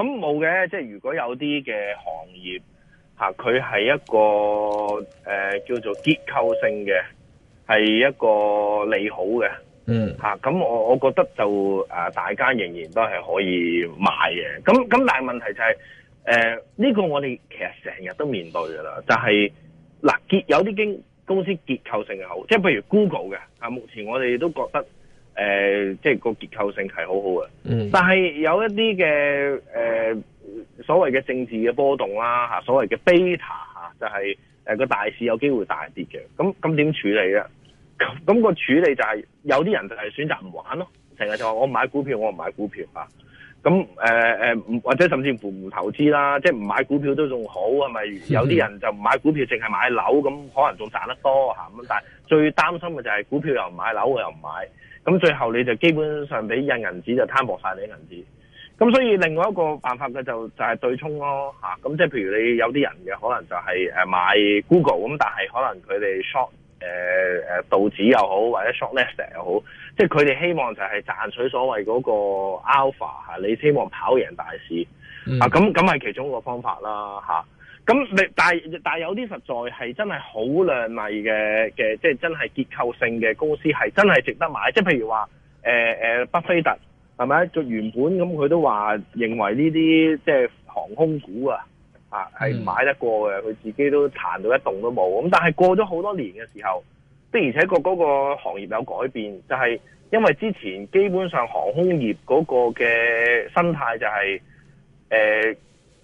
咁冇嘅，即係如果有啲嘅行業吓，佢係一個誒、呃、叫做結構性嘅，係一個利好嘅，嗯吓，咁、啊、我我覺得就誒、呃、大家仍然都係可以買嘅。咁咁但係問題就係誒呢個我哋其實成日都面對噶、就係、啦，就係嗱結有啲經公司結構性好，即係譬如 Google 嘅啊，目前我哋都覺得。誒、呃，即係個結構性係好好嘅，嗯，但係有一啲嘅誒，所謂嘅政治嘅波動啦，吓，所謂嘅 beta 吓，就係誒個大市有機會大跌嘅，咁咁點處理咧？咁咁、個處理就係、是、有啲人就係選擇唔玩咯，成日就話我唔買股票我唔買股票啊。咁誒、呃、或者甚至乎唔投資啦，即係唔買股票都仲好，係咪有啲人就唔買股票，淨係買樓咁，可能仲賺得多咁。但係最擔心嘅就係股票又唔買，樓又唔買，咁最後你就基本上俾印銀紙就攤薄晒你啲銀紙。咁所以另外一個辦法嘅就就係對沖咯嚇。咁即係譬如你有啲人嘅可能就係買 Google 咁，但係可能佢哋 short 誒、呃、道指又好，或者 short Nest 又好。即係佢哋希望就係賺取所謂嗰個 alpha 嚇，你希望跑贏大市、嗯、啊，咁咁係其中一個方法啦嚇。咁、啊、你但但有啲實在係真係好靚麗嘅嘅，即係、就是、真係結構性嘅公司係真係值得買。即係譬如話誒誒，巴菲特係咪？佢原本咁佢都話認為呢啲即係航空股啊，啊係買得過嘅。佢、嗯、自己都彈到一棟都冇咁。但係過咗好多年嘅時候，的而且確嗰個行業有改變，就係、是。因為之前基本上航空業嗰個嘅生態就係、是，誒、呃，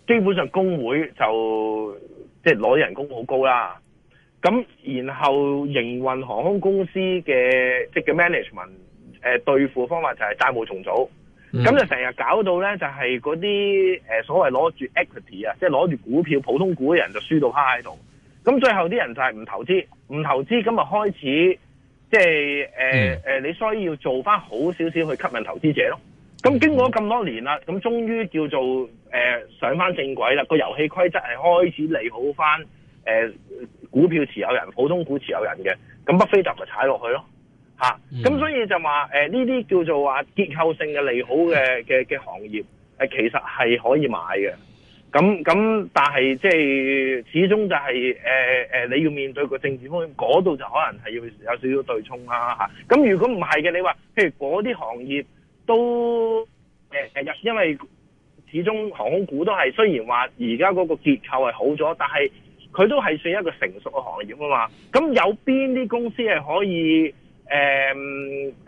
基本上工會就即係攞人工好高啦，咁然後營運航空公司嘅即係、就、嘅、是、management，誒、呃，對付的方法就係債務重組，咁、嗯、就成日搞到咧就係嗰啲誒所謂攞住 equity 啊，即係攞住股票普通股嘅人就輸到趴喺度，咁最後啲人就係唔投資，唔投資咁啊開始。即係誒、呃嗯呃、你需要做翻好少少去吸引投資者咯。咁經過咁多年啦，咁終於叫做誒、呃、上翻正軌啦。個遊戲規則係開始利好翻誒、呃、股票持有人、普通股持有人嘅。咁北飛就咪踩落去咯。咁、啊、所以就話誒呢啲叫做話結構性嘅利好嘅嘅嘅行業，呃、其實係可以買嘅。咁咁、嗯嗯，但係即係始終就係、是、誒、呃呃、你要面對個政治風險，嗰度就可能係要有少少對沖啦吓。咁如果唔係嘅，你話譬如嗰啲行業都入、呃，因為始終航空股都係雖然話而家嗰個結構係好咗，但係佢都係算一個成熟嘅行業啊嘛。咁有邊啲公司係可以誒、呃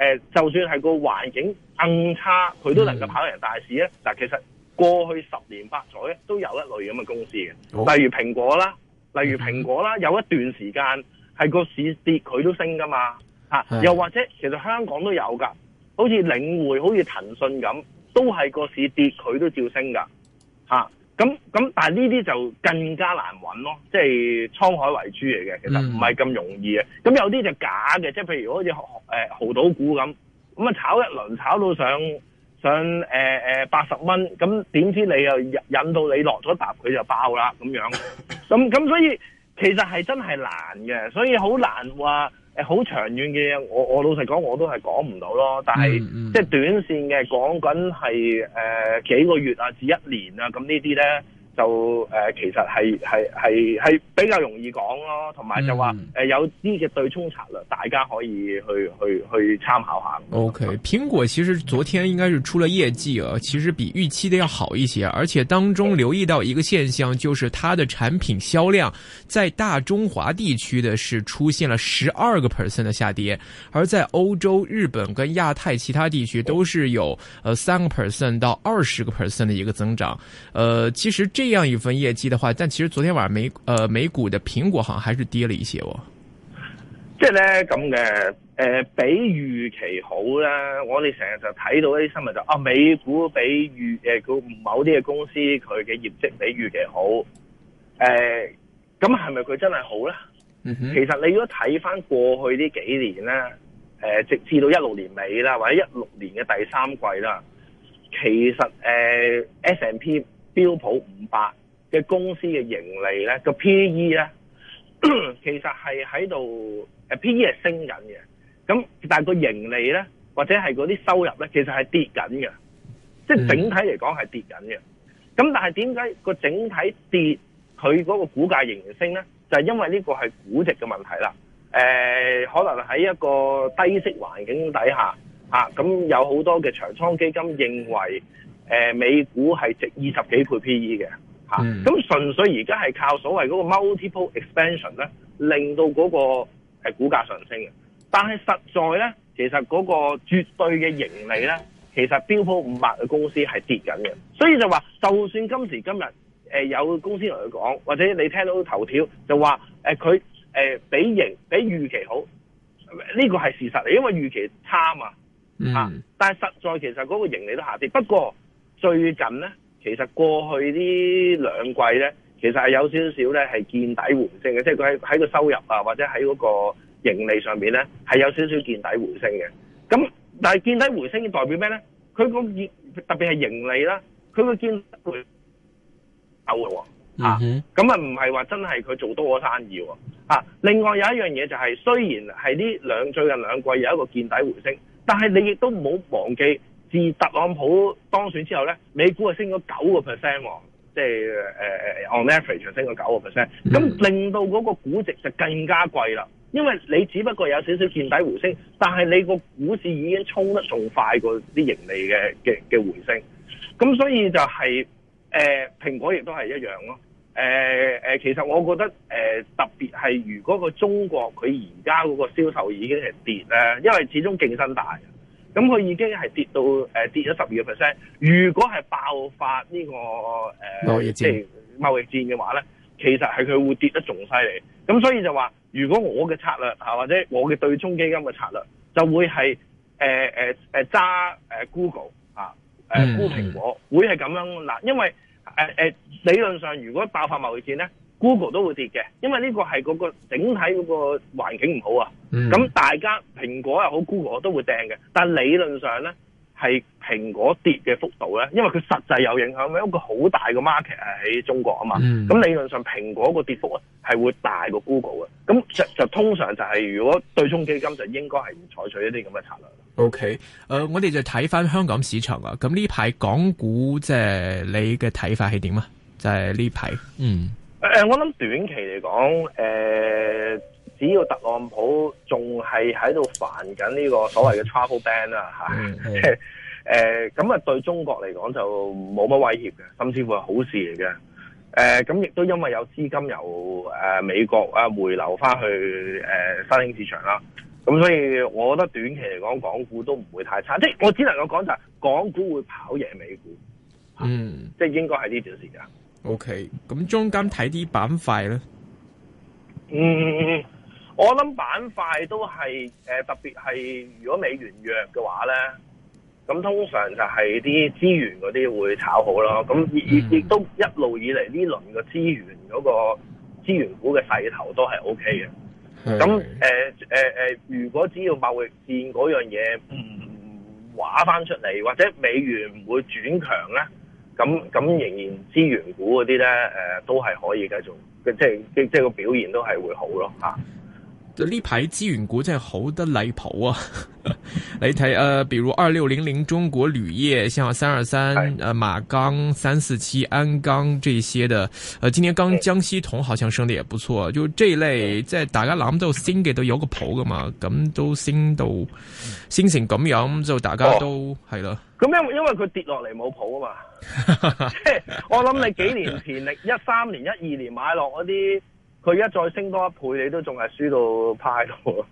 呃、就算係個環境更差，佢都能夠跑贏大市咧？嗱，嗯、其實。過去十年八載都有一類咁嘅公司嘅，例如蘋果啦，例如蘋果啦，有一段時間係個市跌佢都升噶嘛，嚇、啊，又或者其實香港都有噶，好似領匯、好似騰訊咁，都係個市跌佢都照升噶，嚇、啊，咁咁但係呢啲就更加難揾咯，即係滄海遺珠嚟嘅，其實唔係咁容易嘅，咁、嗯、有啲就係假嘅，即係譬如好似誒豪賭股咁，咁啊炒一輪炒到上。呃呃、八十蚊，咁點知你又引引到你落咗沓，佢就爆啦咁樣，咁咁所以其實係真係難嘅，所以好難話好、呃、長遠嘅嘢，我我老實講我都係講唔到咯，但係、嗯嗯、即係短線嘅講緊係誒幾個月啊至一年啊，咁呢啲咧。就誒、呃，其實係係係係比較容易講咯，同埋就話誒、呃、有啲嘅對沖策略，大家可以去去去參考下。OK，蘋果其實昨天應該是出了業績啊，其實比預期的要好一些，而且當中留意到一個現象，就是它的產品銷量在大中華地區的是出現了十二個 percent 的下跌，而在歐洲、日本跟亞太其他地區都是有呃三個 percent 到二十個 percent 的一個增長。呃，其實這。這樣一份業績嘅話，但其實昨天晚上美，呃美股嘅蘋果好像還是跌了一些哦。即係咧咁嘅，誒、呃、比預期好咧。我哋成日就睇到啲新聞就啊，美股比預，誒、呃、佢某啲嘅公司佢嘅業績比預期好。誒、呃，咁係咪佢真係好咧？嗯哼。其實你如果睇翻過去呢幾年咧，誒、呃、直至到一六年尾啦，或者一六年嘅第三季啦，其實誒、呃、S&P 標普五百嘅公司嘅盈利咧，個 P E 咧，其實係喺度誒，P E 係升緊嘅，咁但係個盈利咧，或者係嗰啲收入咧，其實係跌緊嘅，即係整體嚟講係跌緊嘅。咁但係點解個整體跌，佢嗰個股價仍然升咧？就係、是、因為呢個係估值嘅問題啦。誒、呃，可能喺一個低息環境底下，吓、啊、咁有好多嘅長倉基金認為。誒、呃、美股係值二十幾倍 P/E 嘅，嚇、啊、咁、嗯、純粹而家係靠所謂嗰個 multiple expansion 咧，令到嗰個係股價上升嘅。但係實在咧，其實嗰個絕對嘅盈利咧，其實標普五百嘅公司係跌緊嘅。所以就話，就算今時今日有、呃、有公司同佢講，或者你聽到頭條就話誒佢比盈比預期好，呢、這個係事實嚟，因為預期差啊嘛，啊嗯、但係實在其實嗰個盈利都下跌，不過。最近咧，其實過去呢兩季咧，其實係有少少咧係見底回升嘅，即係佢喺喺個收入啊，或者喺嗰個盈利上面咧係有少少見底回升嘅。咁但係見底回升代表咩咧？佢個特別係盈利啦，佢個見會收嘅喎，咁、mm hmm. 啊唔係話真係佢做多咗生意喎、啊，啊，另外有一樣嘢就係、是、雖然係呢兩最近兩季有一個見底回升，但係你亦都唔好忘記。自特朗普當選之後咧，美股係升咗九個 percent 喎，即係、呃、on average 係升咗九個 percent，咁令到嗰個估值就更加貴啦。因為你只不過有少少見底回升，但係你個股市已經沖得仲快過啲盈利嘅嘅嘅回升，咁所以就係、是、誒、呃、蘋果亦都係一樣咯、呃呃。其實我覺得、呃、特別係如果個中國佢而家嗰個銷售已經係跌咧，因為始終競爭大。咁佢已經係跌到、呃、跌咗十二個 percent。如果係爆發呢、個誒即係貿易戰嘅話咧，其實係佢會跌得仲犀利。咁所以就話，如果我嘅策略、啊、或者我嘅對沖基金嘅策略就會係誒誒誒揸 Google 啊誒沽蘋果會係咁樣嗱，因為誒、呃呃、理論上如果爆發貿易戰咧，Google 都會跌嘅，因為呢個係嗰個整體嗰個環境唔好啊。咁、嗯、大家蘋果又好 Google 都會掟嘅，但係理論上咧，係蘋果跌嘅幅度咧，因為佢實際有影響，因為一個好大嘅 market 係喺中國啊嘛。咁、嗯、理論上蘋果個跌幅係係會大過 Google 嘅，咁就就通常就係、是、如果對沖基金就應該係唔採取一啲咁嘅策略。O K，誒，我哋就睇翻香港市場啊，咁呢排港股即係你嘅睇法係點啊？就係呢排，嗯，誒、呃，我諗短期嚟講，誒、呃。只要特朗普仲係喺度煩緊呢個所謂嘅 travel ban 啦吓、嗯，即係誒，咁啊是、呃、對中國嚟講就冇乜威脅嘅，甚至乎係好事嚟嘅。誒、呃，咁亦都因為有資金由誒、呃、美國啊回流翻去誒、呃、新興市場啦，咁所以我覺得短期嚟講，港股都唔會太差，即係我只能夠講就係港股會跑贏美股，嗯，即係應該係、okay, 呢段時間。O K.，咁中間睇啲板塊咧，嗯嗯嗯。我諗板塊都係誒、呃，特別係如果美元弱嘅話咧，咁通常就係啲資源嗰啲會炒好咯。咁亦亦亦都一路以嚟，呢輪嘅資源嗰個資源股嘅勢頭都係 OK 嘅。咁誒誒誒，如果只要貿易戰嗰樣嘢唔畫翻出嚟，或者美元唔會轉強咧，咁咁仍然資源股嗰啲咧誒，都係可以繼續即係即係個表現都係會好咯吓。呢排積源股真 h 好得嚟蒲啊！ 你睇，呃，比如二六零零中國鋁業，像三二三，呃，馬鋼三四七，鞍鋼這些嘅，呃，今年剛江西銅好像升得也不錯，啊，就這一類，再的大家諗到升嘅都有個蒲噶嘛，咁都升到升、嗯、成咁樣，就大家都係啦。咁、哦、的因為因為佢跌落嚟冇蒲啊嘛，即 係 我諗你幾年前，你一 三年、一二年買落嗰啲。佢一再升多一倍，你都仲係輸到趴喺度。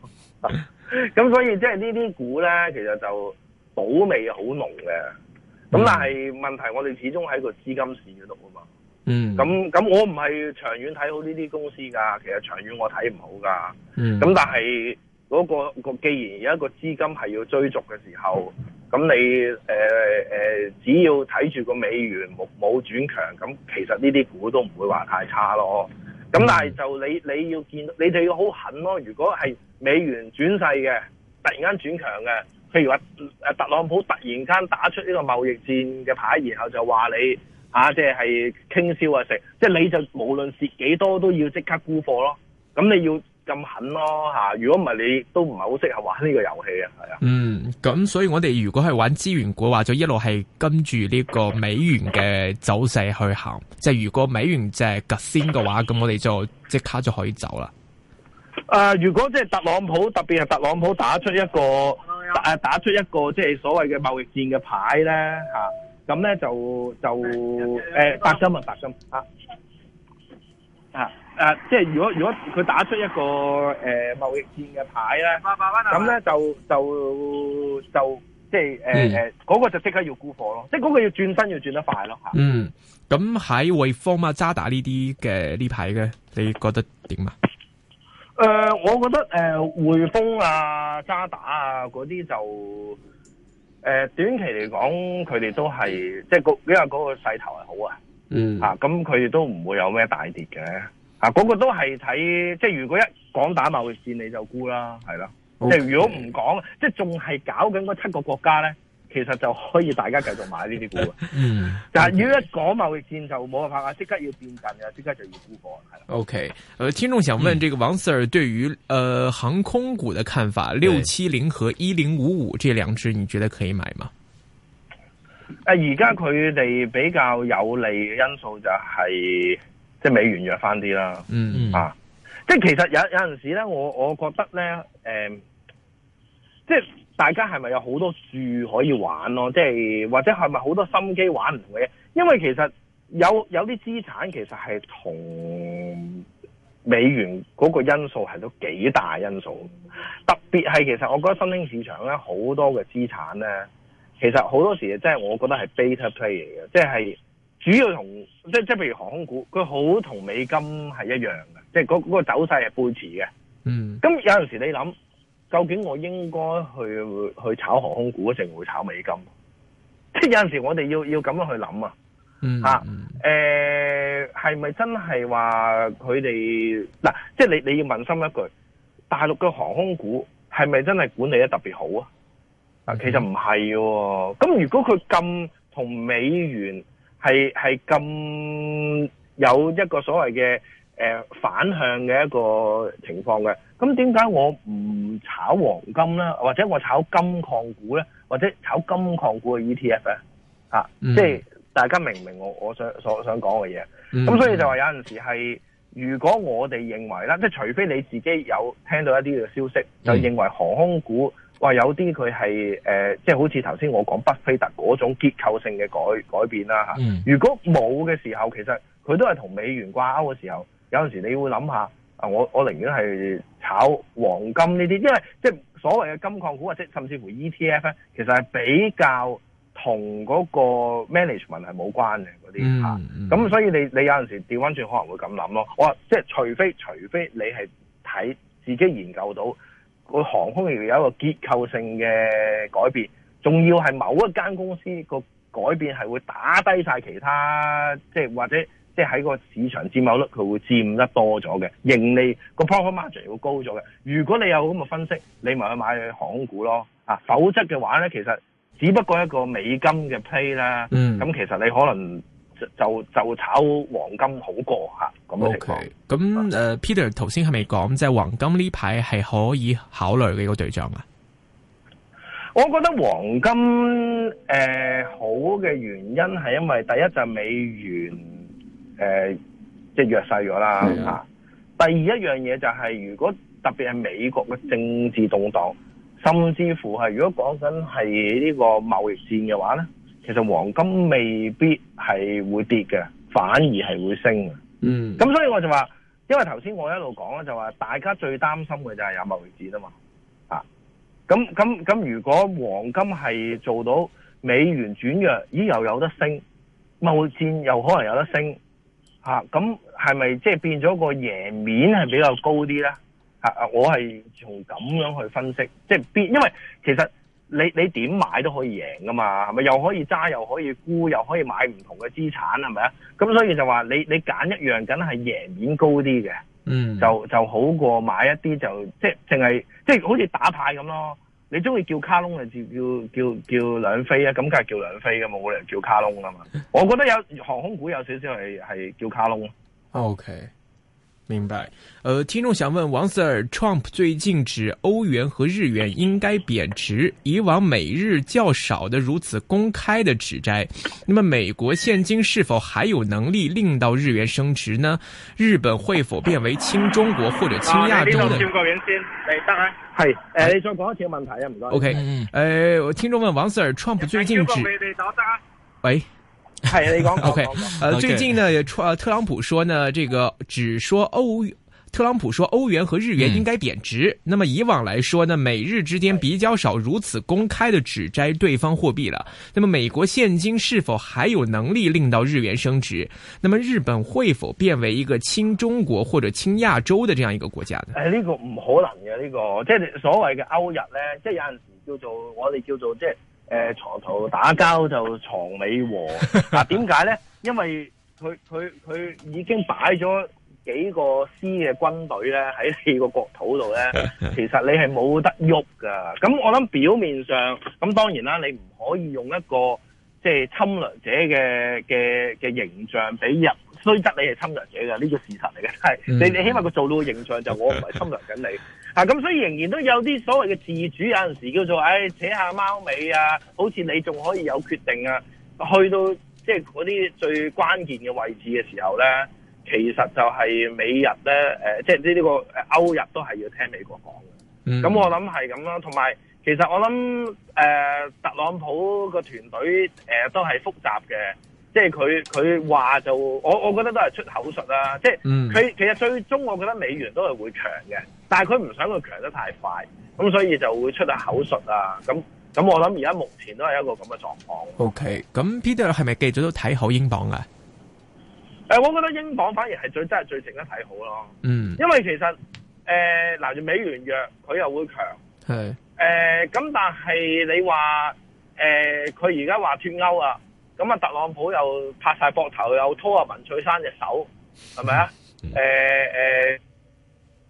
咁 所以即係呢啲股咧，其實就保味好濃嘅。咁、嗯、但係問題，我哋始終喺個資金線嗰度啊嘛。嗯。咁咁，我唔係長遠睇好呢啲公司㗎。其實長遠我睇唔好㗎。嗯。咁但係嗰、嗰個既然而家個資金係要追逐嘅時候，咁你、呃呃、只要睇住個美元冇冇轉強，咁其實呢啲股都唔會話太差咯。咁但係就你你要見到，你哋要好狠咯、啊。如果係美元轉勢嘅，突然間轉強嘅，譬如話誒特朗普突然間打出呢個貿易戰嘅牌，然後就話你啊，即係係傾銷啊食，即、就、係、是、你就無論蝕幾多都要即刻沽貨咯。咁你要。咁狠咯吓，如果唔係你都唔係好適合玩呢個遊戲啊，係啊。嗯，咁所以我哋如果係玩資源股話，就一路係跟住呢個美元嘅走勢去行。即係如果美元即係先嘅話，咁我哋就即刻就可以走啦。誒、呃，如果即係特朗普特別係特朗普打出一個打，打出一個即係所謂嘅貿易戰嘅牌呢，嚇，咁呢就就誒白金啊，白金啊！啊誒、呃，即係如果如果佢打出一個誒貿易戰嘅牌咧，咁咧就就就即係誒誒嗰個就即刻要沽貨咯，即係嗰個要轉身要轉得快咯吓。嗯，咁喺匯豐啊、渣打呢啲嘅呢排嘅，你覺得點啊？誒、呃，我覺得誒匯豐啊、渣打啊嗰啲就誒、呃、短期嚟講，佢哋都係即係嗰因為嗰個勢頭係好啊，嗯啊，咁佢哋都唔會有咩大跌嘅。嗰、啊那個都係睇，即係如果一講打貿易戰，你就沽啦，係啦 Okay.。即係如果唔講，即係仲係搞緊嗰七個國家咧，其實就可以大家繼續買呢啲股。 嗯，但係如果一講貿易戰，就冇辦法，即刻要變陣啊，即刻就要沽貨。係。O K，誒，聽眾想問這個王 Sir 對於誒、呃、航空股的看法，六七零和一零五五這兩隻，你覺得可以買嗎？誒、嗯，而家佢哋比較有利嘅因素就係、是。即美元弱翻啲啦，嗯，嗯啊，即其實有有陣時咧，我我覺得咧，誒、呃，即大家係咪有好多樹可以玩咯？即或者係咪好多心機玩唔同嘅嘢？因為其實有有啲資產其實係同美元嗰個因素係都幾大因素，特別係其實我覺得新興市場咧，好多嘅資產咧，其實好多時真係我覺得係 beta play 嚟嘅，即係。主要同即係即係，譬如航空股，佢好同美金係一樣嘅，即係嗰嗰個走勢係背馳嘅。嗯，咁有陣時你諗，究竟我應該去去炒航空股，定會炒美金？即係有陣時我哋要要咁樣去諗啊，嚇、嗯，誒係咪真係話佢哋嗱？即係你你要問心一句，大陸嘅航空股係咪真係管理得特別好啊？嗯、哼其實唔係喎。咁如果佢咁同美元。係係，咁有一個所謂嘅誒、呃、反向嘅一個情況嘅，咁點解我唔炒黃金呢？或者我炒金礦股呢？或者炒金礦股嘅 ETF 呢？吓，即係 mm hmm. 大家明唔明我我想所想講嘅嘢？咁、mm hmm. 所以就話有陣時係，如果我哋認為啦，即係除非你自己有聽到一啲嘅消息，就認為航空股。話有啲佢係誒，即係好似頭先我講巴菲特嗰種結構性嘅改改變啦吓。啊嗯、如果冇嘅時候，其實佢都係同美元掛鈎嘅時候，有陣時你會諗下啊，我我寧願係炒黃金呢啲，因為即係所謂嘅金礦股或者甚至乎 ETF 咧，其實係比較同嗰個 management 係冇關嘅嗰啲吓。咁、啊嗯嗯啊、所以你你有陣時調返轉可能會咁諗咯。我即係除非除非你係睇自己研究到。個航空亦有一個結構性嘅改變，仲要係某一間公司個改變係會打低晒其他，即係或者即係喺個市場佔有率佢會佔得多咗嘅盈利個 profit margin 會高咗嘅。如果你有咁嘅分析，你咪去買去航空股咯，啊、否則嘅話咧，其實只不過一個美金嘅 play 啦，咁、嗯、其實你可能，就就炒黃金好過嚇咁嘅情況。咁誒、Okay，Peter 頭先係咪講即係黃金呢排係可以考慮嘅一個對象啊？我覺得黃金誒、呃、好嘅原因係因為第一就係、美元誒即係弱勢咗啦啊。Mm. 第二一樣嘢就係、係、如果特別係美國嘅政治動盪，甚至乎係如果講緊係呢個貿易戰嘅話咧。其實黃金未必係會跌嘅，反而係會升嘅。嗯，咁所以我就話，因為頭先我一路講咧，就話大家最擔心嘅就係有貿易戰啊嘛。啊，咁咁咁，如果黃金係做到美元轉弱，咦又有得升，貿易戰又可能有得升，吓咁係咪即係變咗個贏面係比較高啲咧？啊啊，我係從咁樣去分析，即係必，因為其實。你你點買都可以贏噶嘛，係咪？又可以揸，又可以沽，又可以買唔同嘅資產，係咪啊？咁所以就話你你揀一樣，梗係贏面高啲嘅，嗯就，就就好過買一啲就即係即，即，即好似打牌咁咯。你中意叫卡窿啊？叫叫叫叫兩飛啊？咁梗係叫兩飛噶嘛，冇理由叫卡窿噶嘛。我覺得有航空股有少少係係叫卡窿。O K。明白。呃，聽眾想問王 Sir，Trump 最近指歐元和日元應該貶值，以往美日較少的如此公開的指摘，那麼美國現今是否還有能力令到日元升值呢？日本會否變為親中國或者親亞洲的？啊，你先先，嚟得啊，係、嗯，誒，你再講一條問題啊，唔該。O K，誒，聽眾問王 Sir，Trump 最近指。喂。OK，呃，最近呢也，特朗普說呢，這個只說歐，特朗普說歐元和日元應該貶值。嗯、那麼以往來說呢，美日之間比較少如此公開的指摘對方貨幣了。那麼美國現今是否還有能力令到日元升值？那麼日本會否變為一個親中國或者親亞洲的這樣一個國家呢？哎，呢個唔可能嘅，呢、這個即係所謂嘅歐日呢，即係有陣時叫做我哋叫做即係。誒，牀頭打交就牀尾和。嗱，點解咧？因為佢佢佢已經擺咗幾個師嘅軍隊咧，喺呢個國土度咧，其實你係冇得喐噶。咁我諗表面上，咁當然啦，你唔可以用一個即係侵略者嘅嘅嘅形象俾人。雖則你係侵略者嘅，呢個事實嚟嘅，係、mm hmm. 你你起碼佢做到嘅形象就我唔係侵略緊你 啊！咁所以仍然都有啲所謂嘅自主，有陣時叫做唉、哎、扯下貓尾啊，好似你仲可以有決定啊！去到即係嗰啲最關鍵嘅位置嘅時候咧，其實就係美日咧誒，即係呢呢個歐日都係要聽美國講嘅。咁、mm hmm. 我諗係咁咯，同埋其實我諗誒、呃、特朗普個團隊誒、呃、都係複雜嘅。即係佢佢話，就我我覺得都係出口術啦、啊，即係佢、嗯、其實最終我覺得美元都係會強嘅，但係佢唔想佢強得太快，咁所以就會出下口術啊。咁咁我諗而家目前都係一個咁嘅狀況。O K，咁 Peter 係咪繼續都睇好英鎊啊？誒、呃，我覺得英鎊反而係最真係最值得睇好咯。嗯，因為其實誒，嗱、呃，住美元弱，佢又會強係。誒的，咁、呃、但係你話誒，佢而家話脫歐啊？咁啊，特朗普又拍晒膊頭，又拖啊文翠珊隻手，係咪啊？誒誒、 呃呃，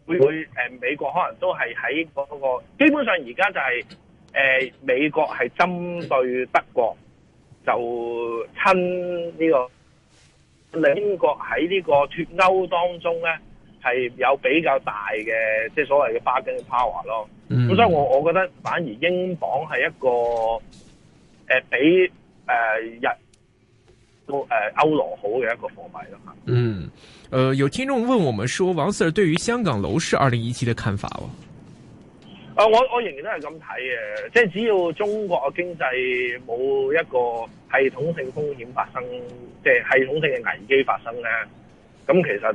會唔會誒美國可能都係喺嗰個？基本上而家就係、是、誒、呃、美國係針對德國，就親呢、這個英國喺呢個脱歐當中咧，係有比較大嘅即係所謂嘅巴金嘅 power 咯。咁 所以我我覺得反而英鎊係一個誒、呃、比。誒，日都誒歐羅好嘅一個貨幣啦嘛。嗯，誒有聽眾問我們說，王 Sir 對於香港樓市二零一七的看法啊，我我仍然都係咁睇嘅，即係只要中國嘅經濟冇一個系統性風險發生，即係系統性嘅危機發生咧，咁其實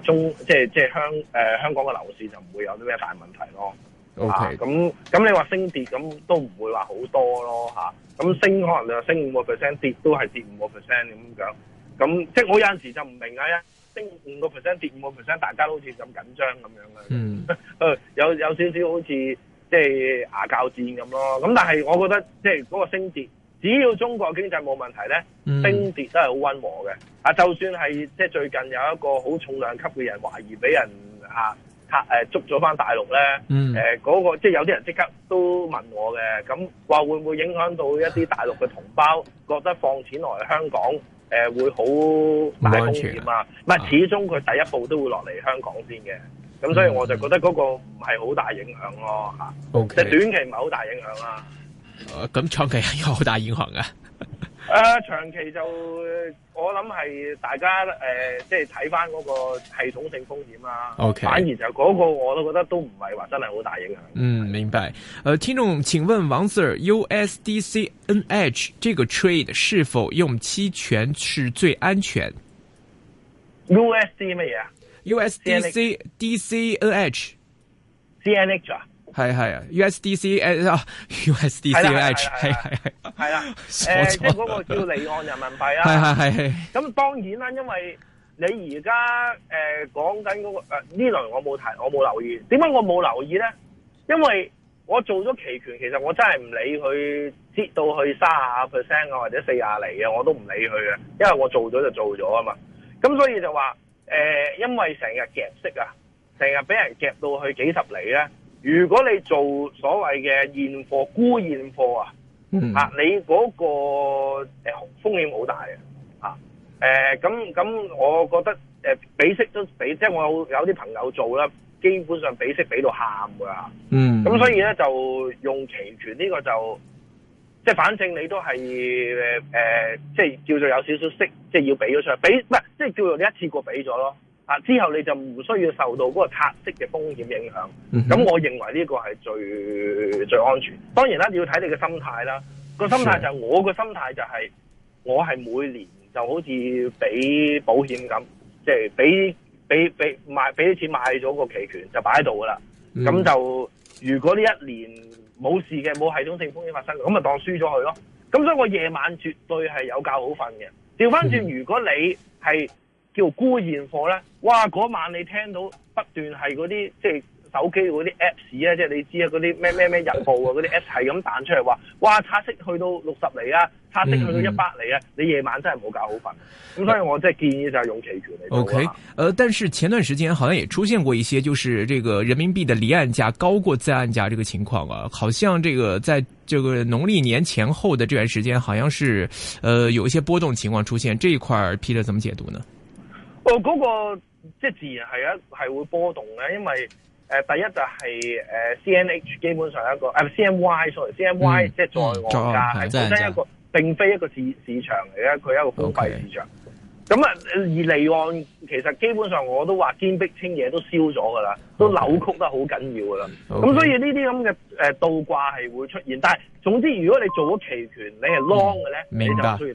誒中即係即係香誒香港嘅樓市就唔會有啲咩大問題咯。Okay. 啊，咁咁你話升跌咁都唔會話好多咯，嚇、啊、咁升可能你話升五個 percent，跌都係跌五個 percent 咁樣。咁即係我有陣時就唔明啊，升五個 percent 跌五個 percent，大家都好似咁緊張咁樣嘅，嗯、mm. 有有少少好似即係牙膠戰咁咯，咁但係我覺得即係嗰個升跌，只要中國經濟冇問題咧，mm. 升跌都係好溫和嘅，啊，就算係即係最近有一個好重量級嘅人懷疑俾人嚇。啊誒捉咗翻大陸咧，誒嗰、嗯呃嗰個即係有啲人即刻都問我嘅，咁話會唔會影響到一啲大陸嘅同胞覺得放錢落嚟香港、呃、會好大風險啊？唔、啊啊、始終佢第一步都會落嚟香港先嘅，咁所以我就覺得嗰個唔係好大影響咯、啊嗯、即係短期唔係好大影響啦、啊。咁長 Okay、啊嗯、期係有好大影響呀。 誒、呃、長期就我諗係大家誒、呃，即係睇翻嗰個系統性風險啦。O Okay . K，反而就嗰個我都覺得都唔係話真係好大影響。嗯，明白。誒、呃，聽眾請問，王 Sir，USDCNH 這個 trade 是否用期權是最安全？USD 乜嘢啊？USDCDCNH。US US DC, CNH N CNH 啊！係係啊，USDC 誒，USDC H 係係係係啦，誒、呃、 錯了 即係嗰個叫離岸人民幣啊。係係係係。咁、嗯、當然啦，因為你而家誒講緊嗰個誒呢輪我冇提，我冇留意。點解我冇留意咧？因為我做咗期權，其實我真係唔理佢跌到去卅 percent 啊，或者四十厘啊，我都唔理佢啊。因為我做咗就做咗啊嘛。咁所以就話誒、呃，因為成日夾息啊，成日俾人夾到去幾十厘咧。如果你做所謂嘅現貨沽現貨、mm. 啊，嚇你嗰、那個誒、欸、風險好大嘅。嚇誒咁咁，我覺得誒俾、欸、息都俾，即、就、係、是、我有有啲朋友做啦，基本上比息俾到喊㗎、mm. 啊，嗯，咁所以咧就用期權呢個就即係、就是、反正你都係誒誒，即係叫做有少少息，即、就、係、是、要俾咗出去，俾唔係即係叫做你一次過俾咗咯。啊！之後你就唔需要受到嗰個擦色嘅風險影響，咁我認為呢個係最最安全。當然啦，你要睇你嘅心態啦。個心態就係、的我個心態就係、是、我係每年就好似俾保險咁，即係俾俾俾賣俾啲錢買咗個期權就擺喺度㗎啦。咁、嗯、就如果呢一年冇事嘅，冇系統性風險發生，咁咪當輸咗佢咯。咁所以我夜晚絕對係有覺好瞓嘅。調翻轉，如果你係，嗯叫沽現貨咧，哇！嗰晚你聽到不斷係嗰啲即係手機嗰啲 Apps 啊，即係你知啊嗰啲咩咩咩日報啊嗰啲 Apps 係咁彈出嚟話，哇！拆息去到六十厘啊，拆息去到一百厘啊，嗯、你夜晚真係冇搞好瞓。咁所以我即係建議就係用期權嚟做啦。O K，呃，但是前段時間好像也出現過一些，就是這個人民幣的離岸價高過在岸價這個情況啊。好像這個在這個農曆年前後的這段時間，好像是，呃，有一些波動情況出現。這一塊 Peter 怎麼解讀呢？哦，嗰、那個即係自然係一係會波動嘅，因為誒、呃、第一就係、是、誒、呃、C N H 基本上一個，誒、啊、C N Y sorry C N Y 即係、嗯、在岸價本身一個點並非一個市市場嚟嘅，佢係一個貨幣市場。咁啊 Okay.，而離岸其實基本上我都話堅壁清野都燒咗㗎啦，都扭曲得好緊要㗎啦。咁 Okay. 所以呢啲咁嘅誒倒掛係會出現，但係總之如果你做咗期權，你係 long 嘅咧，你就需要打。